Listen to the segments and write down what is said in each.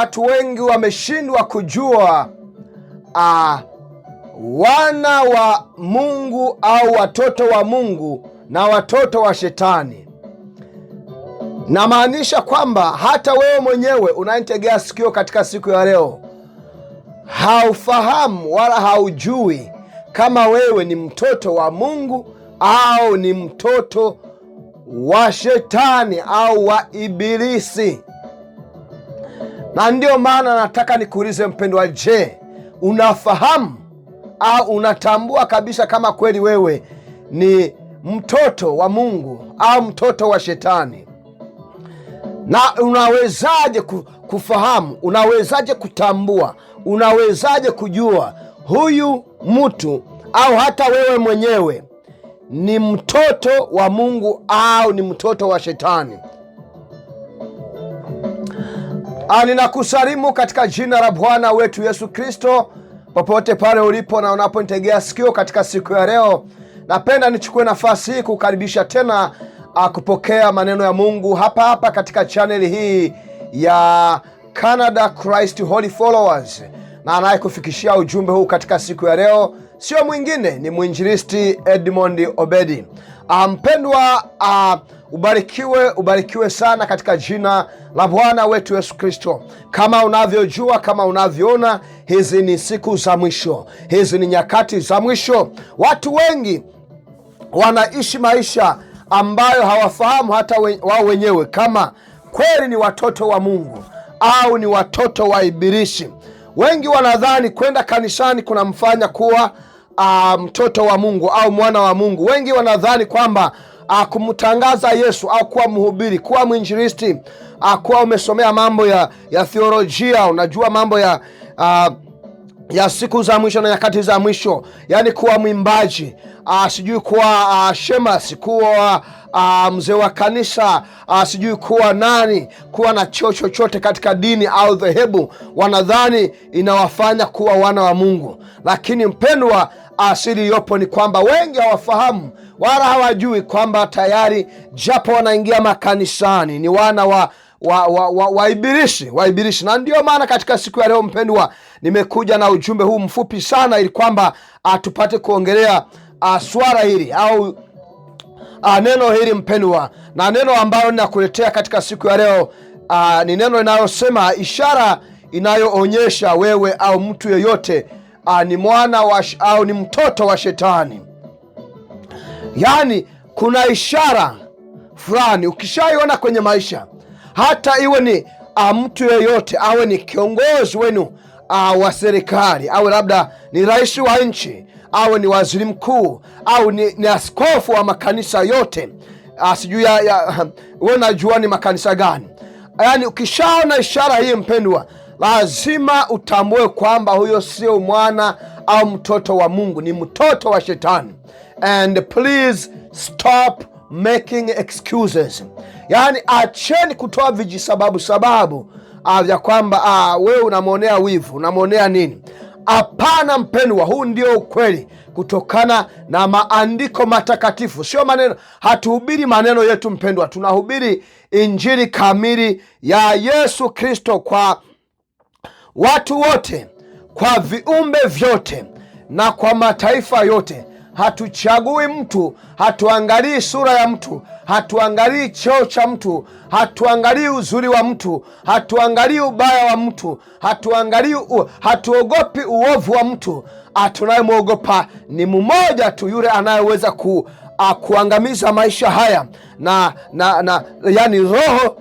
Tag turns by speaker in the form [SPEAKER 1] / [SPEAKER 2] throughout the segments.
[SPEAKER 1] watu wengi wameshindwa kujua a, ah, wana wa Mungu au watoto wa Mungu na watoto wa Shetani. Namaanisha kwamba hata wewe mwenyewe unayetegea sikio katika siku ya leo, haufahamu wala haujui kama wewe ni mtoto wa Mungu au ni mtoto wa Shetani au wa Ibilisi. Na ndiyo maana nataka nikuulize mpendwa, je, unafahamu au unatambua kabisa kama kweli wewe ni mtoto wa Mungu au mtoto wa Shetani? Na unawezaje kufahamu? Unawezaje kutambua? Unawezaje kujua huyu mtu au hata wewe mwenyewe ni mtoto wa Mungu au ni mtoto wa Shetani? Ah, ninakusalimu katika jina la Bwana wetu Yesu Kristo, popote pale ulipo na unaponitegea sikio katika siku ya leo. Napenda nichukue nafasi hii kukaribisha tena ah, kupokea maneno ya Mungu hapa hapa katika chaneli hii ya Canada Christ Holy Followers, na anayekufikishia ujumbe huu katika siku ya leo sio mwingine ni mwinjilisti Edmond Obedi. Ah, mpendwa Ubarikiwe, ubarikiwe sana katika jina la Bwana wetu Yesu Kristo. Kama unavyojua, kama unavyoona, hizi ni siku za mwisho, hizi ni nyakati za mwisho. Watu wengi wanaishi maisha ambayo hawafahamu hata wao wenyewe kama kweli ni watoto wa Mungu au ni watoto wa Ibilisi. Wengi wanadhani kwenda kanisani kunamfanya kuwa ah, mtoto um, wa Mungu au mwana wa Mungu. Wengi wanadhani kwamba Ah, kumtangaza Yesu au ah, kuwa mhubiri, kuwa mwinjilisti, ah, kuwa umesomea mambo ya, ya theolojia, unajua mambo ya a, ya siku za mwisho na nyakati za mwisho, yaani kuwa mwimbaji, sijui kuwa shemas kuwa mzee wa kanisa, sijui kuwa nani, kuwa na cheo chochote katika dini au dhehebu, wanadhani inawafanya kuwa wana wa Mungu. Lakini mpendwa, asili iliyopo ni kwamba wengi hawafahamu wala hawajui kwamba tayari japo wanaingia makanisani ni wana wa wa, wa, wa, waibirishi waibirishi. Na ndio maana katika siku ya leo mpendwa, nimekuja na ujumbe huu mfupi sana, ili kwamba ah, tupate kuongelea ah, swala hili au a, ah, neno hili mpendwa, na neno ambalo ninakuletea katika siku ya leo ni neno linalosema ishara inayoonyesha wewe au mtu yeyote a, ni mwana wa, au ni mtoto wa Shetani. Yaani kuna ishara fulani ukishaiona kwenye maisha, hata iwe ni a, ah, mtu yeyote awe ni kiongozi wenu a, ah, wa serikali, awe labda ni rais wa nchi, awe ni waziri mkuu, au ni, ni askofu wa makanisa yote ah, sijui we najua ni makanisa gani. Yaani ukishaona ishara hii, mpendwa, lazima utambue kwamba huyo sio mwana au mtoto wa Mungu, ni mtoto wa Shetani and please stop making excuses. Yaani, acheni kutoa vijisababu sababu ah, vya kwamba ah, wewe unamwonea wivu, unamwonea nini. Hapana mpendwa, huu ndio ukweli kutokana na maandiko matakatifu, sio maneno. Hatuhubiri maneno yetu mpendwa, tunahubiri injili kamili ya Yesu Kristo kwa watu wote, kwa viumbe vyote na kwa mataifa yote hatuchagui mtu, hatuangalii sura ya mtu, hatuangalii cheo cha mtu, hatuangalii uzuri wa mtu, hatuangalii ubaya wa mtu, hatuangalii u... hatuogopi uovu wa mtu. Atunayemwogopa ni mmoja tu, yule anayeweza ku, kuangamiza maisha haya na, na, na yani roho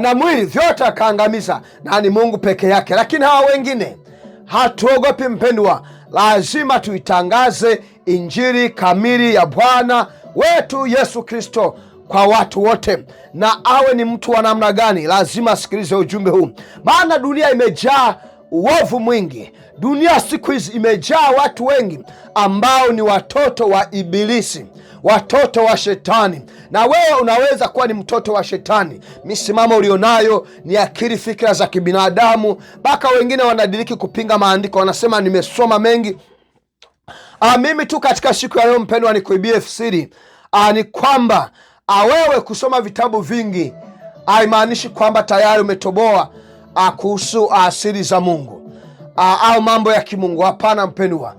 [SPEAKER 1] na mwili vyote akaangamiza, na ni Mungu peke yake. Lakini hawa wengine hatuogopi, mpendwa lazima tuitangaze injili kamili ya Bwana wetu Yesu Kristo kwa watu wote, na awe ni mtu wa namna gani, lazima asikilize ujumbe huu, maana dunia imejaa uovu mwingi. Dunia siku hizi imejaa watu wengi ambao ni watoto wa Ibilisi watoto wa Shetani, na wewe unaweza kuwa ni mtoto wa Shetani. Misimamo ulionayo ni akili, fikira za kibinadamu, mpaka wengine wanadiriki kupinga maandiko, wanasema nimesoma mengi. A, ah, mimi tu katika siku ya leo mpendwa, nikuibie fsiri ah, ni kwamba ah, wewe kusoma vitabu vingi haimaanishi kwamba tayari umetoboa kuhusu asiri za Mungu au mambo ya kimungu. Hapana mpendwa,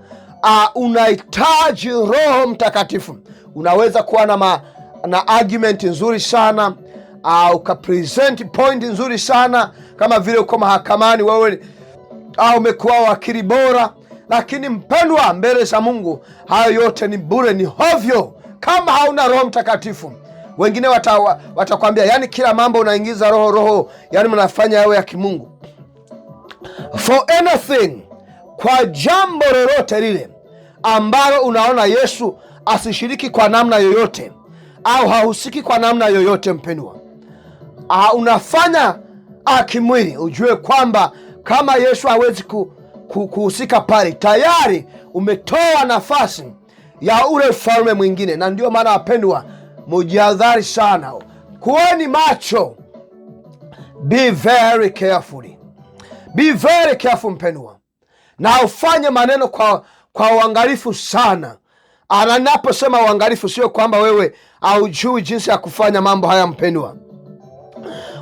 [SPEAKER 1] unahitaji Roho Mtakatifu. Unaweza kuwa na, ma, na argument nzuri sana au ah, ukapresent point nzuri sana kama vile uko mahakamani wewe au ah, umekuwa wakili bora, lakini mpendwa, mbele za Mungu hayo yote ni bure, ni hovyo kama hauna Roho Mtakatifu. Wengine watakwambia wata, yani kila mambo unaingiza roho roho, yani mnafanya yawe ya kimungu. For anything, kwa jambo lolote lile ambalo unaona Yesu asishiriki kwa namna yoyote au hahusiki kwa namna yoyote. Mpendwa, ah, unafanya akimwili, ah, ujue kwamba kama Yesu hawezi kuhusika pale, tayari umetoa nafasi ya ule ufalme mwingine. Na ndio maana wapendwa, mujihadhari sana, kuweni macho, be very careful, be very careful mpendwa, na ufanye maneno kwa kwa uangalifu sana Anaposema uangalifu, sio kwamba wewe haujui jinsi ya kufanya mambo haya. Mpendwa,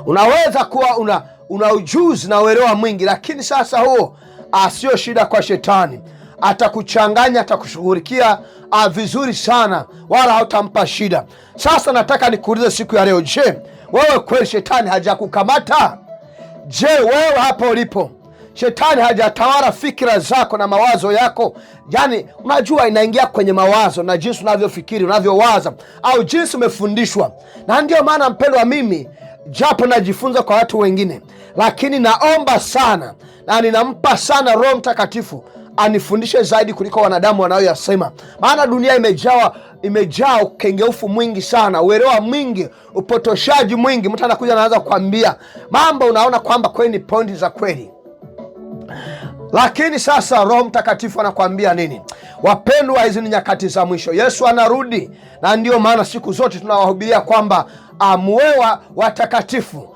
[SPEAKER 1] unaweza kuwa una, una ujuzi na uelewa mwingi, lakini sasa huo asiyo ah, shida kwa Shetani. Atakuchanganya, atakushughulikia ah, vizuri sana, wala hautampa shida. Sasa nataka nikuulize siku ya leo, je, wewe kweli shetani hajakukamata? Je, wewe hapo ulipo Shetani hajatawala fikira zako na mawazo yako. Yani unajua, inaingia kwenye mawazo na jinsi unavyofikiri, unavyowaza au jinsi umefundishwa. Na ndiyo maana mpendwa, mimi japo najifunza kwa watu wengine, lakini naomba sana na ninampa sana Roho Mtakatifu anifundishe zaidi kuliko wanadamu wanayoyasema, maana dunia imejaa imejaa ukengeufu mwingi sana, uelewa mwingi, upotoshaji mwingi. Mtu anakuja anaanza kukwambia mambo, unaona kwamba kweli ni pointi za kweli lakini sasa Roho Mtakatifu anakuambia nini? Wapendwa, hizi ni nyakati za mwisho, Yesu anarudi, na ndiyo maana siku zote tunawahubiria kwamba amwewa watakatifu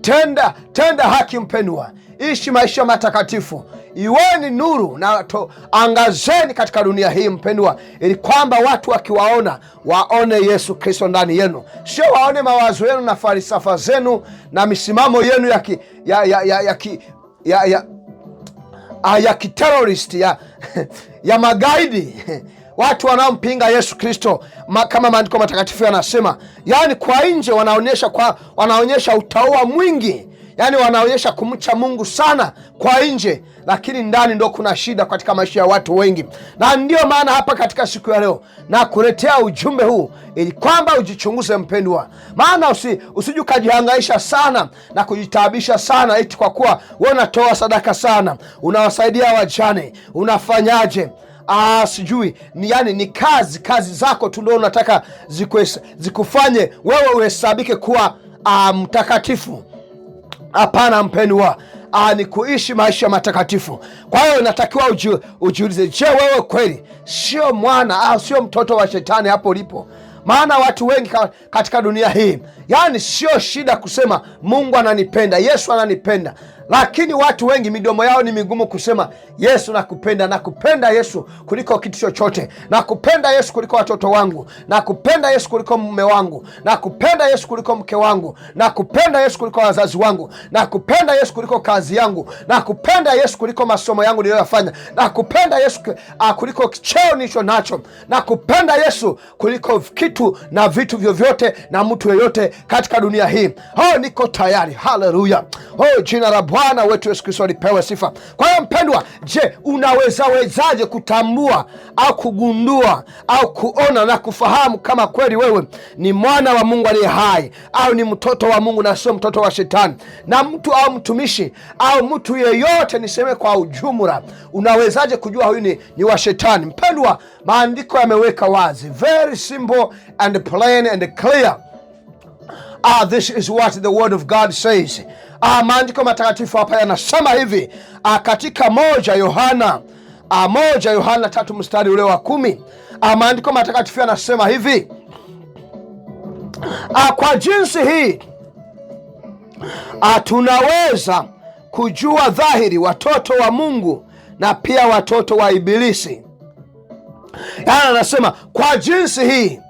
[SPEAKER 1] Tenda, tenda haki mpendwa, ishi maisha matakatifu, iweni nuru na to, angazeni katika dunia hii mpendwa, ili kwamba watu wakiwaona waone Yesu Kristo ndani yenu, sio waone mawazo yenu na falsafa zenu na misimamo yenu ya ki, ya, ya, ya, ya, ya, ya, ya Uh, ya kiterorist ya, ya magaidi watu wanaompinga Yesu Kristo kama maandiko matakatifu yanasema, yaani kwa nje wanaonyesha kwa wanaonyesha utauwa mwingi, yaani wanaonyesha kumcha Mungu sana kwa nje, lakini ndani ndo kuna shida katika maisha ya watu wengi, na ndio maana hapa katika siku ya leo na kuletea ujumbe huu ili kwamba ujichunguze mpendwa, maana usi, usiju ukajihangaisha sana na kujitaabisha sana eti kwa kuwa we unatoa sadaka sana, unawasaidia wajane, unafanyaje Ah, sijui ni, yani ni kazi kazi zako tu ndio unataka zikufanye wewe uhesabike kuwa ah, mtakatifu. Hapana mpendwa a, ah, ni kuishi maisha matakatifu. Kwa hiyo inatakiwa ujiulize, je, wewe kweli sio mwana au ah, sio mtoto wa shetani hapo ulipo? Maana watu wengi katika dunia hii, yani sio shida kusema Mungu ananipenda, Yesu ananipenda lakini watu wengi midomo yao ni migumu kusema Yesu nakupenda, nakupenda Yesu kuliko kitu chochote, nakupenda Yesu kuliko watoto wangu, nakupenda Yesu kuliko mume wangu, nakupenda Yesu kuliko mke wangu, nakupenda Yesu kuliko wazazi wangu, nakupenda Yesu kuliko kazi yangu, nakupenda Yesu kuliko masomo yangu niliyoyafanya, nakupenda Yesu ah, kuliko cheo nilicho nacho, nakupenda Yesu kuliko kitu na vitu vyovyote na mtu yoyote katika dunia hii. Oh, niko tayari. Haleluya! Oh, jina la Bwana wetu Yesu Kristo alipewe sifa. Kwa hiyo mpendwa, je, unawezawezaje kutambua au kugundua au kuona na kufahamu kama kweli wewe ni mwana wa Mungu aliye hai au ni mtoto wa Mungu na sio mtoto wa Shetani? Na mtu au mtumishi au mtu yeyote, niseme kwa ujumla, unawezaje kujua huyu ni, ni wa Shetani? Mpendwa, maandiko yameweka wazi, very simple and plain and clear. Ah, this is what the word of God says. Ah, maandiko matakatifu hapa yanasema hivi ah, katika moja Yohana ah, moja Yohana tatu mstari ule wa kumi maandiko matakatifu yanasema hivi kwa jinsi hii tunaweza kujua dhahiri watoto wa Mungu na pia watoto wa Ibilisi. Yaani anasema kwa jinsi hii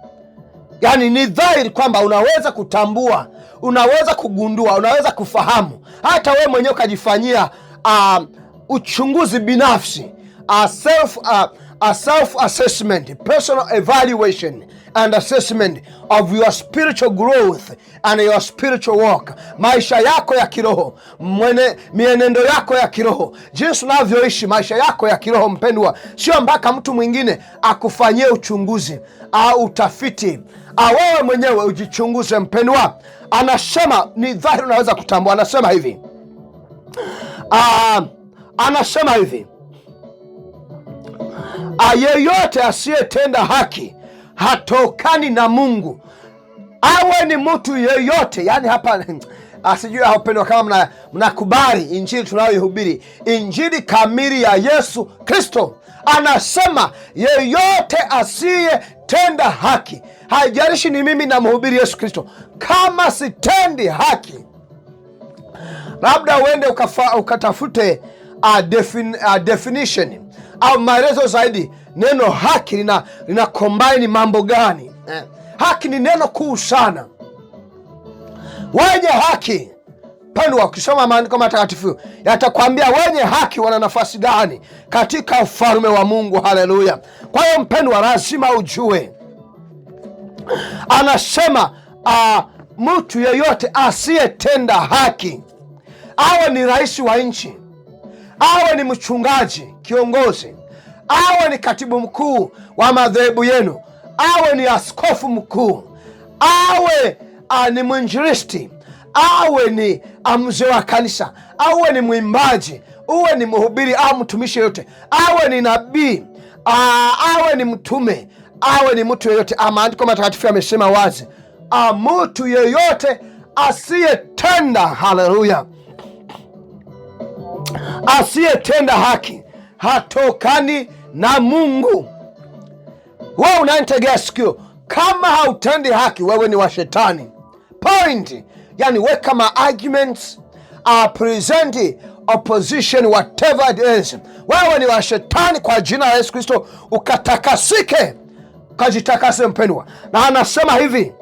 [SPEAKER 1] Yani ni dhahiri kwamba unaweza kutambua, unaweza kugundua, unaweza kufahamu, hata wewe mwenyewe ukajifanyia uh, uchunguzi binafsi a self, uh, a self assessment personal evaluation and assessment of your spiritual growth and your spiritual walk, maisha yako ya kiroho mwene, mienendo yako ya kiroho, jinsi unavyoishi maisha yako ya kiroho mpendwa, sio mpaka mtu mwingine akufanyie uchunguzi au utafiti awewe ah, mwenyewe ujichunguze mpendwa. Anasema ni dhahiri, unaweza kutambua. Anasema hivi aa, ah, anasema hivi uh, yeyote asiyetenda haki hatokani na Mungu, awe ni mtu yeyote. Yani hapa asijui apendwa, kama mnakubali mna injili tunayoihubiri, injili kamili ya Yesu Kristo. Anasema yeyote asiye tenda haki, haijalishi ni mimi namhubiri Yesu Kristo, kama sitendi haki, labda uende ukafa, ukatafute a defin, a definition au maelezo zaidi. Neno haki lina, lina kombaini mambo gani eh? Haki ni neno kuu sana. Wenye haki Mpendwa, ukisoma maandiko matakatifu yatakwambia wenye haki wana nafasi gani katika ufalme wa Mungu. Haleluya! Kwa hiyo mpendwa, lazima ujue, anasema uh, mtu yeyote asiyetenda haki, awe ni rais wa nchi, awe ni mchungaji, kiongozi, awe ni katibu mkuu wa madhehebu yenu, awe ni askofu mkuu, awe uh, ni mwinjilisti awe ni ah, mzee wa kanisa, awe ni mwimbaji, uwe ni mhubiri au ah, mtumishi yoyote, awe ni nabii, ah, awe ni mtume, awe ni mtu yeyote. Maandiko matakatifu yamesema wazi, mtu yeyote asiyetenda, haleluya, asiyetenda haki hatokani na Mungu. Wewe unanitegea sikio, kama hautendi haki, wewe ni wa shetani. Point yani weka ma arguments uh, present opposition whatever it is. Wewe ni wa shetani kwa jina la Yesu Kristo, ukatakasike ukajitakase, mpendwa. Na anasema hivi,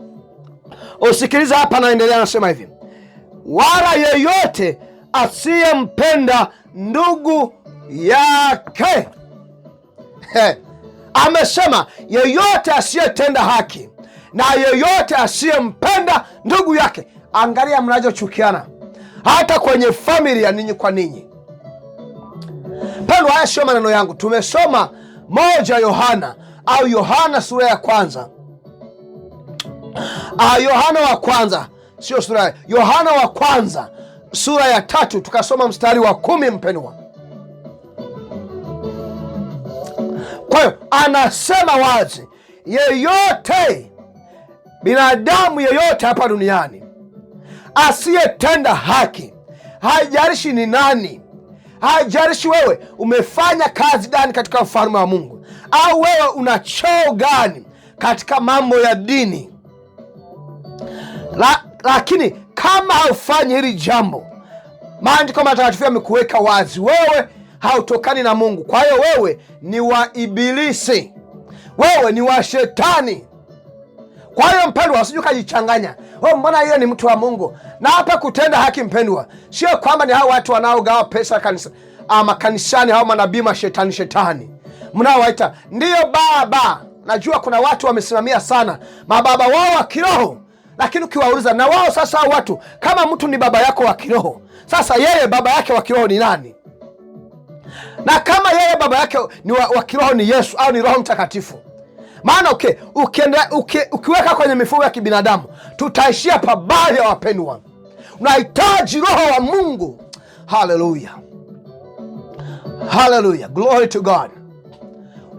[SPEAKER 1] usikiliza hapa, naendelea anasema hivi, wala yeyote asiyempenda ndugu yake Amesema yeyote asiyetenda haki na yeyote asiyempenda ndugu yake Angalia mnachochukiana hata kwenye familia ninyi kwa ninyi. Pendwa, haya siyo maneno yangu, tumesoma moja Yohana au Yohana sura ya kwanza ah, Yohana wa kwanza sio sura, Yohana wa kwanza sura ya tatu tukasoma mstari wa kumi mpendwa. Kwa hiyo anasema wazi, yeyote binadamu yeyote hapa duniani asiyetenda haki. haijarishi ni nani, haijarishi wewe umefanya kazi gani katika ufalme wa Mungu, au wewe una cheo gani katika mambo ya dini la, lakini kama haufanyi hili jambo, maandiko matakatifu yamekuweka wazi, wewe hautokani na Mungu. Kwa hiyo wewe ni wa Ibilisi, wewe ni wa Shetani. Kwa hiyo mpendwa, usije ukajichanganya wewe, oh, mbona yeye ni mtu wa Mungu. Na hapa kutenda haki, mpendwa, sio kwamba ni hao watu wanaogawa pesa kanisa, ama ah, kanisani, hao manabii mashetani shetani mnaowaita ndiyo baba. Najua kuna watu wamesimamia sana mababa wao wa kiroho, lakini ukiwauliza na wao sasa, hao watu kama mtu ni baba yako wa kiroho, sasa yeye baba yake wa kiroho ni nani? Na kama yeye baba yake wa kiroho ni Yesu au ni Roho Mtakatifu maana uke, uke, uke, ukiweka kwenye mifugo ya kibinadamu tutaishia pabaya ya wapendwa. Unahitaji roho wa Mungu. Haleluya, haleluya, glory to God.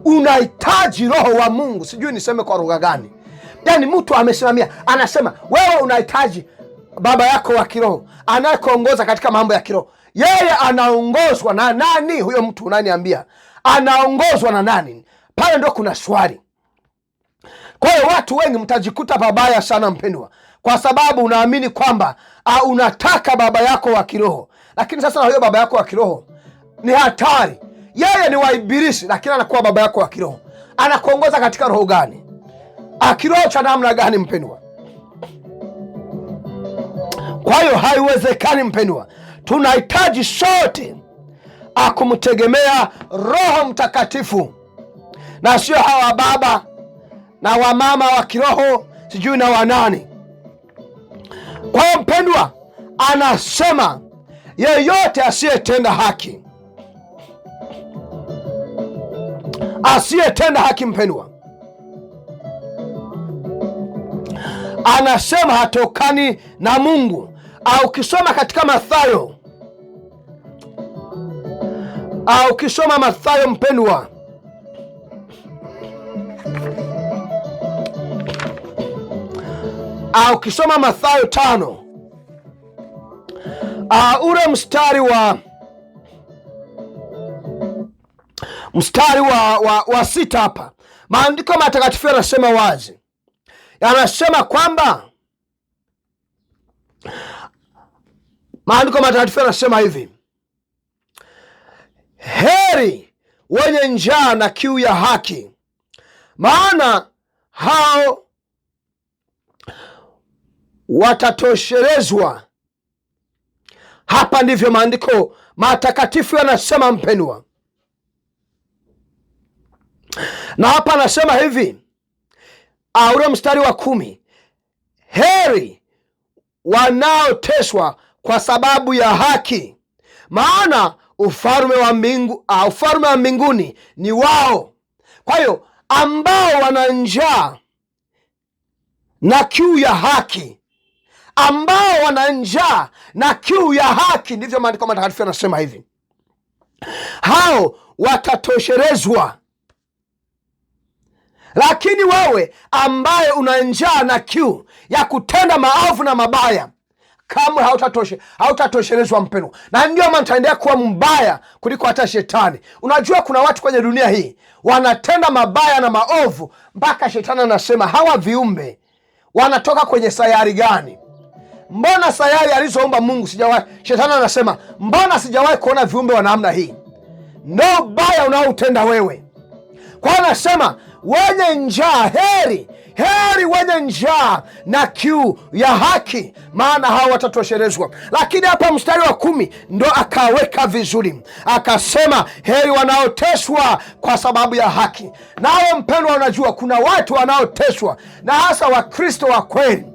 [SPEAKER 1] Unahitaji roho wa Mungu, sijui niseme kwa lugha gani. Yani mtu amesimamia anasema, wewe unahitaji baba yako wa kiroho anayekuongoza katika mambo ya kiroho. Yeye anaongozwa na nani? Huyo mtu unaniambia, anaongozwa na nani? Pale ndo kuna swali. Kwa hiyo watu wengi mtajikuta pabaya sana, mpendwa, kwa sababu unaamini kwamba uh, unataka baba yako wa kiroho, lakini sasa huyo baba yako wa kiroho ni hatari. Yeye ni waibirishi, lakini anakuwa baba yako wa kiroho. Anakuongoza katika roho gani? akiroho ah, cha namna gani, mpendwa? Kwa hiyo haiwezekani, mpendwa, tunahitaji sote akumtegemea ah, Roho Mtakatifu na sio hawa baba na wamama wa kiroho sijui na wanani. Kwa hiyo mpendwa, anasema yeyote asiyetenda haki, asiyetenda haki, mpendwa, anasema hatokani na Mungu. Au ukisoma katika Mathayo, au ukisoma Mathayo mpendwa Ah, ukisoma Mathayo tano uh, ule mstari wa mstari wa, wa, wa sita hapa maandiko matakatifu yanasema wazi, yanasema kwamba maandiko matakatifu yanasema hivi, heri wenye njaa na kiu ya haki, maana hao watatoshelezwa. Hapa ndivyo maandiko matakatifu yanasema, mpendwa, na hapa anasema hivi ule mstari wa kumi, heri wanaoteswa kwa sababu ya haki, maana ufalme wa mbingu, uh, ah, ufalme wa mbinguni ni wao. Kwa hiyo ambao wana njaa na kiu ya haki ambao wana njaa na kiu ya haki, ndivyo maandiko matakatifu yanasema hivi, hao watatosherezwa. Lakini wewe ambaye una njaa na kiu ya kutenda maovu na mabaya kamwe hautatoshe hautatoshelezwa mpendwa, na ndio maana nitaendelea kuwa mbaya kuliko hata shetani. Unajua, kuna watu kwenye dunia hii wanatenda mabaya na maovu mpaka shetani anasema hawa viumbe wanatoka kwenye sayari gani? mbona sayari alizoumba Mungu sijawahi? Shetani anasema mbona sijawahi kuona viumbe wa namna hii? Ndo baya unaoutenda wewe. Kwa anasema wenye njaa heri heri wenye njaa na kiu ya haki, maana hao watatosherezwa. Lakini hapa mstari wa kumi ndo akaweka vizuri, akasema heri wanaoteswa kwa sababu ya haki. Nawe mpendwa, unajua kuna watu wanaoteswa na hasa Wakristo wa kweli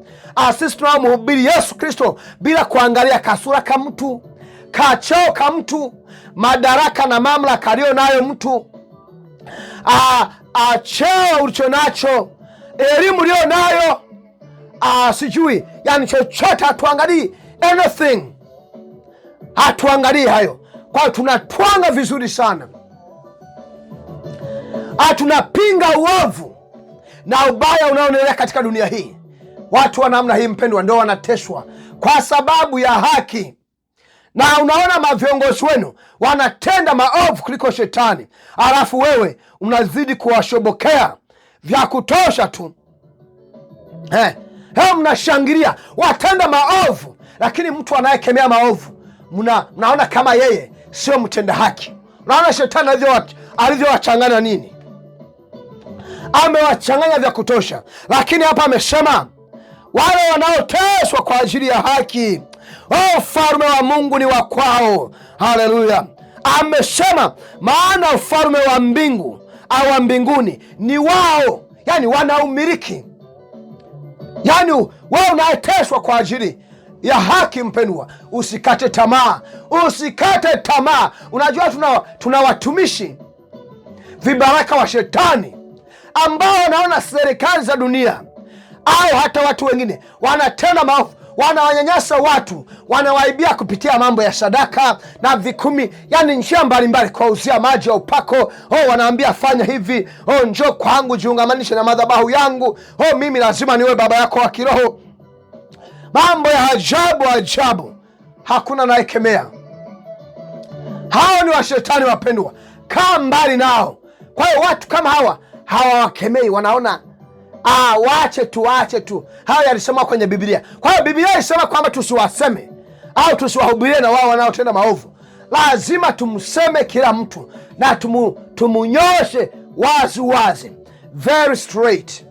[SPEAKER 1] sisi tunaomhubiri Yesu Kristo bila kuangalia kasura ka mtu, kacheo ka mtu, madaraka na mamlaka aliyo nayo mtu, ah, cheo ulicho nacho, elimu uliyo nayo, sijui yani chochote, hatuangalii anything, hatuangalii hayo. Kwa hiyo tunatwanga vizuri sana, ah, tunapinga uovu na ubaya unaoendelea katika dunia hii. Watu wa namna hii, mpendwa, ndio wanateswa kwa sababu ya haki, na unaona maviongozi wenu wanatenda maovu kuliko shetani, alafu wewe unazidi kuwashobokea vya kutosha tu eh. Heo mnashangilia watenda maovu, lakini mtu anayekemea maovu mna, mnaona kama yeye sio mtenda haki. Unaona shetani alivyowachanganya nini, amewachanganya vya kutosha, lakini hapa amesema wale wanaoteswa kwa ajili ya haki. Oh, ufalme wa Mungu ni wa kwao. Haleluya! Amesema maana ufalme wa mbingu au wa mbinguni ni wao, yani wanaumiliki. Yani wewe unayeteswa kwa ajili ya haki, mpendwa, usikate tamaa, usikate tamaa. Unajua tuna, tuna watumishi vibaraka wa shetani ambao wanaona serikali za dunia au hata watu wengine, wanatenda maovu, wanawanyanyasa watu, wanawaibia kupitia mambo ya sadaka na vikumi, yani njia mbalimbali, kuwauzia maji ya upako. Oh, wanaambia fanya hivi, oh, njoo kwangu, jiungamanishe na madhabahu yangu, oh, mimi lazima niwe baba yako wa kiroho. Mambo ya ajabu ajabu, hakuna naekemea. Hao ni washetani wapendwa, kaa mbali nao. Kwa hiyo watu kama hawa hawawakemei, wanaona Ah, wache tu, wache tu. Hayo yalisema kwenye Biblia. Kwa hiyo Biblia inasema kwamba tusiwaseme au tusiwahubirie na wao wanaotenda maovu. Lazima tumseme kila mtu na tumu, tumunyoshe wazi wazi, very straight.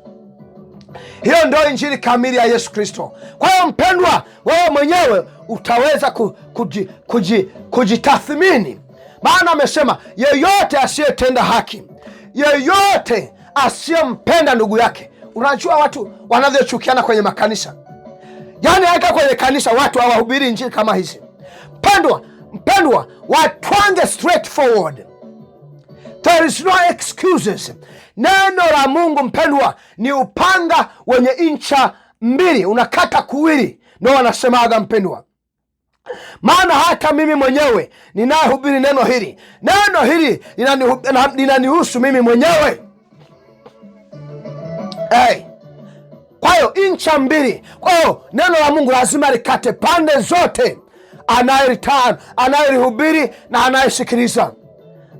[SPEAKER 1] Hiyo ndio injili kamili ya Yesu Kristo. Kwa hiyo mpendwa, wewe mwenyewe utaweza ku, kuji, kuji, kujitathmini, maana amesema yeyote asiyetenda haki, yeyote asiyempenda ndugu yake Unajua watu wanavyochukiana kwenye makanisa, yaani hata kwenye kanisa watu hawahubiri injili kama hizi. Mpendwa, mpendwa, watwange straight There is no excuses. Neno la Mungu mpendwa, ni upanga wenye ncha mbili, unakata kuwili, ndo wanasemaga mpendwa maana hata mimi mwenyewe ninayehubiri neno hili, neno hili linanihusu mimi mwenyewe hey. Kwa hiyo incha mbili. Kwa hiyo neno la Mungu lazima likate pande zote, anayelitan anayelihubiri na anayesikiliza,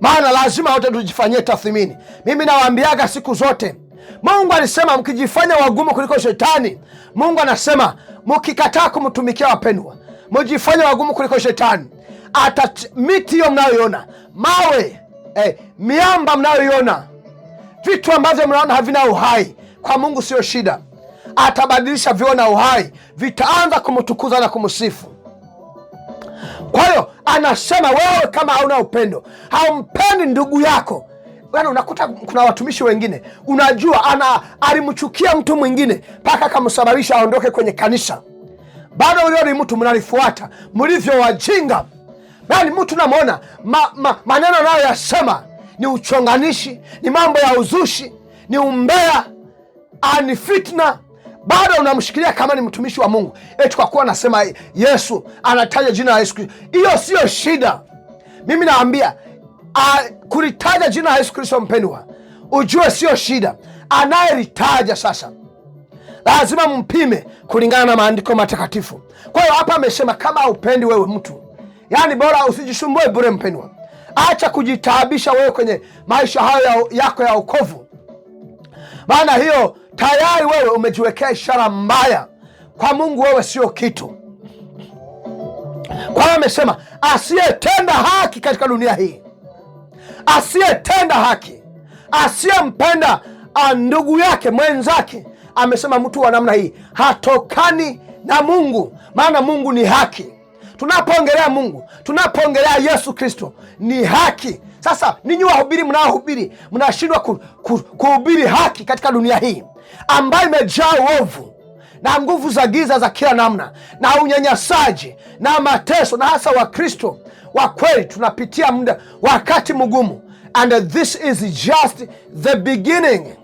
[SPEAKER 1] maana lazima wote tujifanyie tathmini. Mimi nawaambiaga siku zote, Mungu alisema mkijifanya wagumu kuliko shetani, Mungu anasema mkikataa kumtumikia wapendwa, mjifanye wagumu kuliko shetani, ata miti hiyo mnayoiona mawe eh, miamba mnayoiona vitu ambavyo mnaona havina uhai kwa Mungu siyo shida, atabadilisha vioo na uhai vitaanza kumtukuza na kumsifu. Kwa hiyo anasema wewe kama hauna upendo, haumpendi ndugu yako Yani, unakuta kuna watumishi wengine unajua, ana alimchukia mtu mwingine mpaka akamsababisha aondoke kwenye kanisa. Bado ulioni mtu mnalifuata, mlivyo wajinga. Yani mtu namwona ma, ma, maneno yasema ni uchonganishi, ni mambo ya uzushi, ni umbea ani fitna, bado unamshikilia kama ni mtumishi wa Mungu eti eh, kwa kuwa anasema Yesu, anataja jina la Yesu Kristo. Hiyo siyo shida. Mimi naambia kulitaja jina la Yesu Kristo, mpendwa, ujue siyo shida. Anayelitaja sasa lazima mpime kulingana na maandiko matakatifu. Kwa hiyo hapa amesema kama upendi wewe mtu, yaani bora usijisumbue bure, mpendwa. Acha kujitaabisha wewe kwenye maisha hayo yako ya ukovu maana hiyo Tayari wewe umejiwekea ishara mbaya kwa Mungu, wewe sio kitu. Kwa hiyo amesema asiyetenda haki katika dunia hii, asiyetenda haki, asiyempenda ah, ndugu yake mwenzake, amesema mtu wa namna hii hatokani na Mungu, maana Mungu ni haki. Tunapoongelea Mungu, tunapoongelea Yesu Kristo ni haki. Sasa ninyi wahubiri mnaohubiri mnashindwa kuhubiri ku, ku, haki katika dunia hii ambayo imejaa uovu na nguvu za giza za kila namna na unyanyasaji na mateso, na hasa Wakristo wa kweli tunapitia muda wakati mgumu, and this is just the beginning.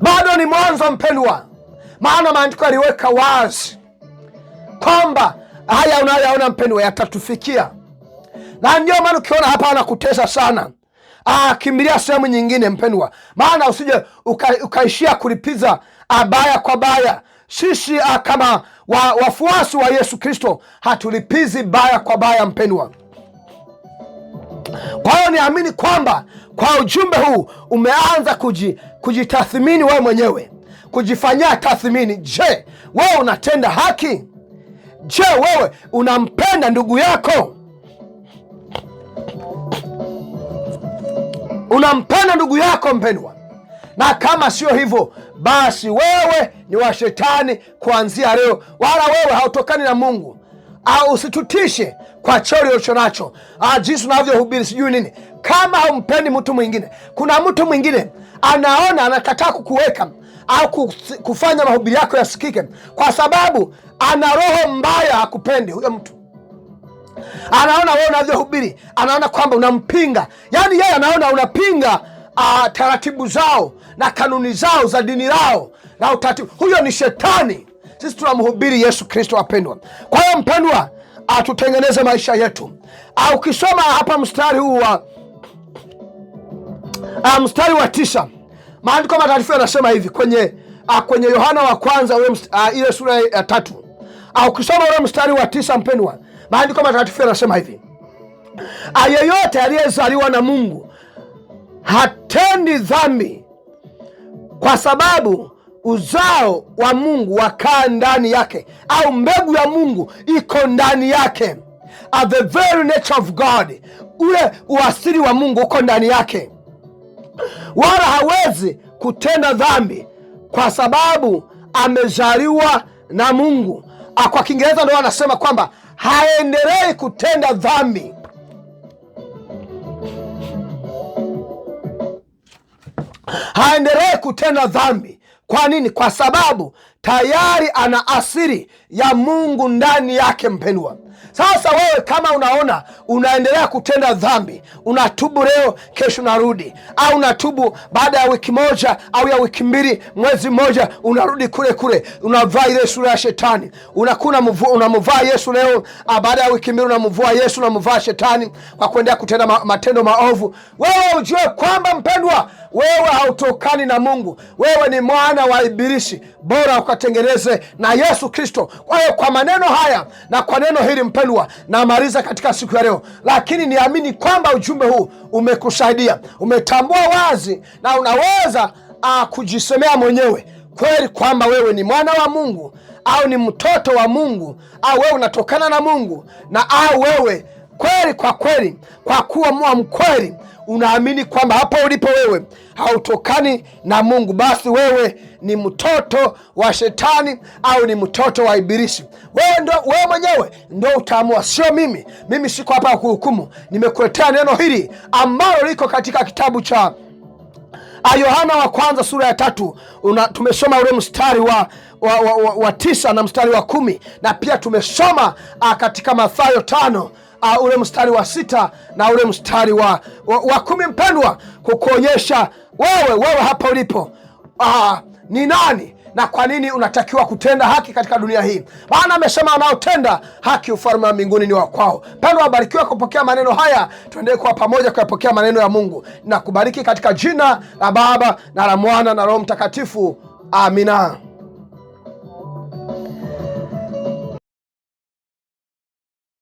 [SPEAKER 1] Bado ni mwanzo mpendwa, maana maandiko yaliweka wazi kwamba haya unayoyaona mpendwa, yatatufikia na ndio maana ukiona hapa anakutesa sana ah, kimbilia sehemu nyingine mpendwa, maana usije ukaishia uka kulipiza ah, baya kwa baya. Sisi ah, kama wa, wafuasi wa Yesu Kristo hatulipizi baya kwa baya mpendwa. Kwa hiyo niamini kwamba kwa ujumbe huu umeanza kuji, kujitathmini wewe mwenyewe, kujifanyia tathmini. Je, wewe unatenda haki? Je, wewe unampenda ndugu yako? unampenda ndugu yako mpendwa, na kama sio hivyo basi wewe ni wa shetani kuanzia leo, wala wewe hautokani na Mungu. Au usitutishe kwa cheo ulicho nacho, ah, jinsi unavyohubiri sijui nini. Kama haumpendi mtu mwingine, kuna mtu mwingine anaona anakataa kukuweka au kufanya mahubiri yako yasikike, kwa sababu ana roho mbaya, hakupendi huyo mtu anaona wewe unavyohubiri, anaona kwamba unampinga. Yaani yeye anaona unapinga uh, taratibu zao na kanuni zao za dini lao na utaratibu. Huyo ni shetani. Sisi tunamhubiri Yesu Kristo, wapendwa. Kwa hiyo mpendwa, atutengeneze ah, maisha yetu. Ah, ukisoma hapa mstari huu wa uh, mstari wa tisa, maandiko matakatifu yanasema hivi kwenye uh, kwenye Yohana wa kwanza uh, ile sura ya uh, tatu. Ukisoma ule mstari wa tisa, mpendwa Maandiko matakatifu yanasema hivi, ayeyote aliyezaliwa na Mungu hatendi dhambi, kwa sababu uzao wa Mungu wakaa ndani yake, au mbegu ya Mungu iko ndani yake. At the very nature of God, ule uasili wa Mungu uko ndani yake, wala hawezi kutenda dhambi kwa sababu amezaliwa na Mungu. Kwa Kiingereza ndo wanasema kwamba haendelei kutenda dhambi. Haendelei kutenda dhambi. Kwa nini? Kwa sababu tayari ana asiri ya Mungu ndani yake, mpendwa. Sasa wewe kama unaona unaendelea kutenda dhambi, unatubu leo, kesho unarudi, au unatubu baada ya wiki moja au ya wiki mbili, mwezi mmoja, unarudi kule kule, unavaa ile sura ya shetani, unakuwa unamvaa Yesu leo, ah, baada ya wiki mbili unamvua Yesu, unamvaa shetani kwa kuendelea kutenda ma, matendo maovu. Wewe ujue kwamba mpendwa, wewe hautokani na Mungu, wewe ni mwana wa Ibilisi. Bora ukatengeneze na Yesu Kristo kwa hiyo kwa maneno haya na kwa neno hili mpendwa, namaliza katika siku ya leo, lakini niamini kwamba ujumbe huu umekusaidia, umetambua wazi na unaweza uh, kujisemea mwenyewe kweli kwamba wewe ni mwana wa Mungu au ni mtoto wa Mungu au wewe unatokana na Mungu na au wewe kweli kwa kweli, kwa kuwa mwa mkweli unaamini kwamba hapo ulipo wewe hautokani na Mungu, basi wewe ni mtoto wa shetani au ni mtoto wa Ibilisi. Wewe ndo, wewe mwenyewe ndo utaamua, sio mimi. Mimi siko hapa kuhukumu. Nimekuletea neno hili ambalo liko katika kitabu cha ah, Yohana wa kwanza sura ya tatu una, tumesoma ule mstari wa, wa, wa, wa, wa tisa na mstari wa kumi na pia tumesoma a, ah, katika Mathayo tano a, ah, ule mstari wa sita na ule mstari wa, wa, wa kumi mpendwa, kukuonyesha wewe wewe hapa ulipo a, ni nani na kwa nini unatakiwa kutenda haki katika dunia hii. Maana amesema anaotenda haki ufalme wa mbinguni ni wa kwao. Mpendwa, abarikiwe kupokea maneno haya, tuendelee kuwa pamoja kuyapokea maneno ya Mungu na kubariki katika jina la Baba na la Mwana na Roho Mtakatifu. Amina.